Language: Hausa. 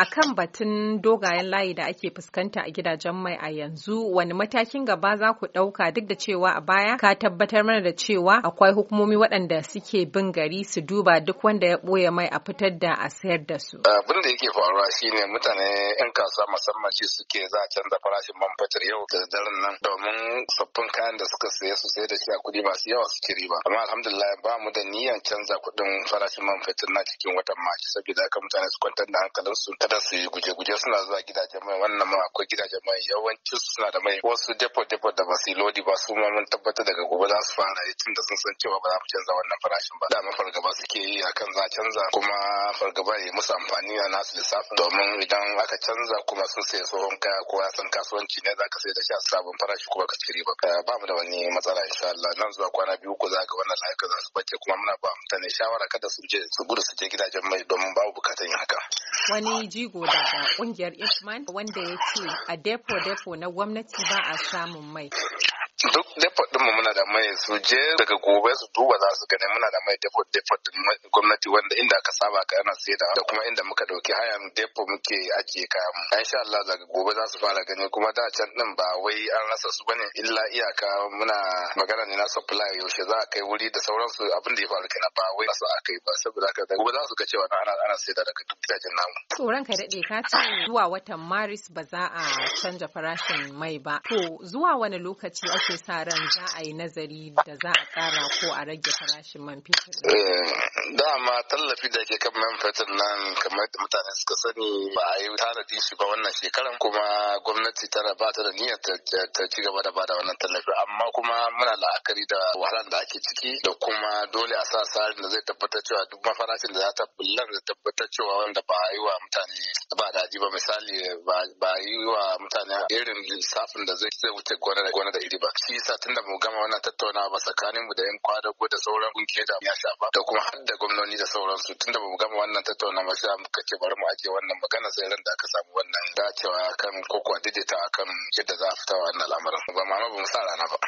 a kan batun dogayen layi da ake fuskanta a gidajen mai a yanzu wani matakin gaba za ku ɗauka duk da cewa a baya ka tabbatar mana da cewa akwai hukumomi waɗanda suke bin gari su duba duk wanda ya ɓoye mai a fitar da a sayar da su. Abin da yake faruwa shine mutane 'yan kasuwa musamman shi suke za a canza farashin man fetur yau da daren nan domin sabbin kayan da suka saye su sayar da shi a kuɗi masu yawa suke riba. Amma alhamdulillah ba mu da niyyar canza kuɗin farashin man fetur na cikin watan Maci saboda haka mutane su kwantar da hankalinsu kada su yi guje-guje suna zuwa gidajen mai wannan ma akwai gidajen mai yawanci suna da mai wasu depo depo da ba su lodi ba su ma mun tabbatar daga gobe za su fara yi tun da sun san cewa ba za mu canza wannan farashin ba dama fargaba suke yi a kan za canza kuma fargaba ya musu amfani a nasu lissafin domin idan aka canza kuma sun sayi tsohon kaya ko ya san kasuwanci ne za ka sai da shi a sabon farashi kuma ka cire ba eh, ba mu da wani matsala insha Allah nan zuwa kwana biyu ko za ka wannan layuka za su bace kuma muna ba mutane shawara kada su je su gudu su je gidajen mai domin babu bukatan yin haka wani jigo daga kungiyar Ifman wanda ya ce a depo-depo na gwamnati ba a samun mai. depo muna da mai su je daga gobe su duba za su gani muna da mai depot depot gwamnati wanda inda aka saba ka ana saida da kuma inda muka dauki hayan depot muke ajiye kayan mu insha Allah daga gobe za su fara gani kuma da can din ba wai an rasa su bane illa iyaka muna magana ne na supply yaushe za a kai wuri da sauransu abin da ya faru kenan ba wai su a kai ba saboda haka gobe za su ga cewa ana ana saida daga duk gidajen namu tsoron ka daɗe ka ce zuwa watan Maris ba za a canja farashin mai ba to zuwa wani lokaci ake sa ran za a yi nazari da za a kara ko a rage farashin man fetur? Eh, dama tallafi da ke kan man fetur nan kamar da mutane suka sani ba a yi tanadi shi ba wannan shekaran kuma gwamnati tana ba ta da niyyar ta ci gaba da bada wannan tallafi amma kuma muna la'akari da wahalar da ake ciki da kuma dole a sa tsarin da zai tabbatar cewa duk farashin da za ta bullar da tabbatar cewa wanda ba a yi wa mutane ba daji ba misali ba a yi wa mutane irin lissafin da zai wuce gona da iri ba shi yasa tun da mu gama muna tattaunawa ba tsakanin mu da yan kwadago da sauran kungiyar da ya shafa da kuma har da gwamnoni da sauransu tunda ba mu gama wannan tattaunawa sai muka ce bari mu aje wannan magana sai ran da aka samu wannan dacewa kan ko kuwa akan yadda za a fita wannan al'amarin ba ma ba mu sa rana ba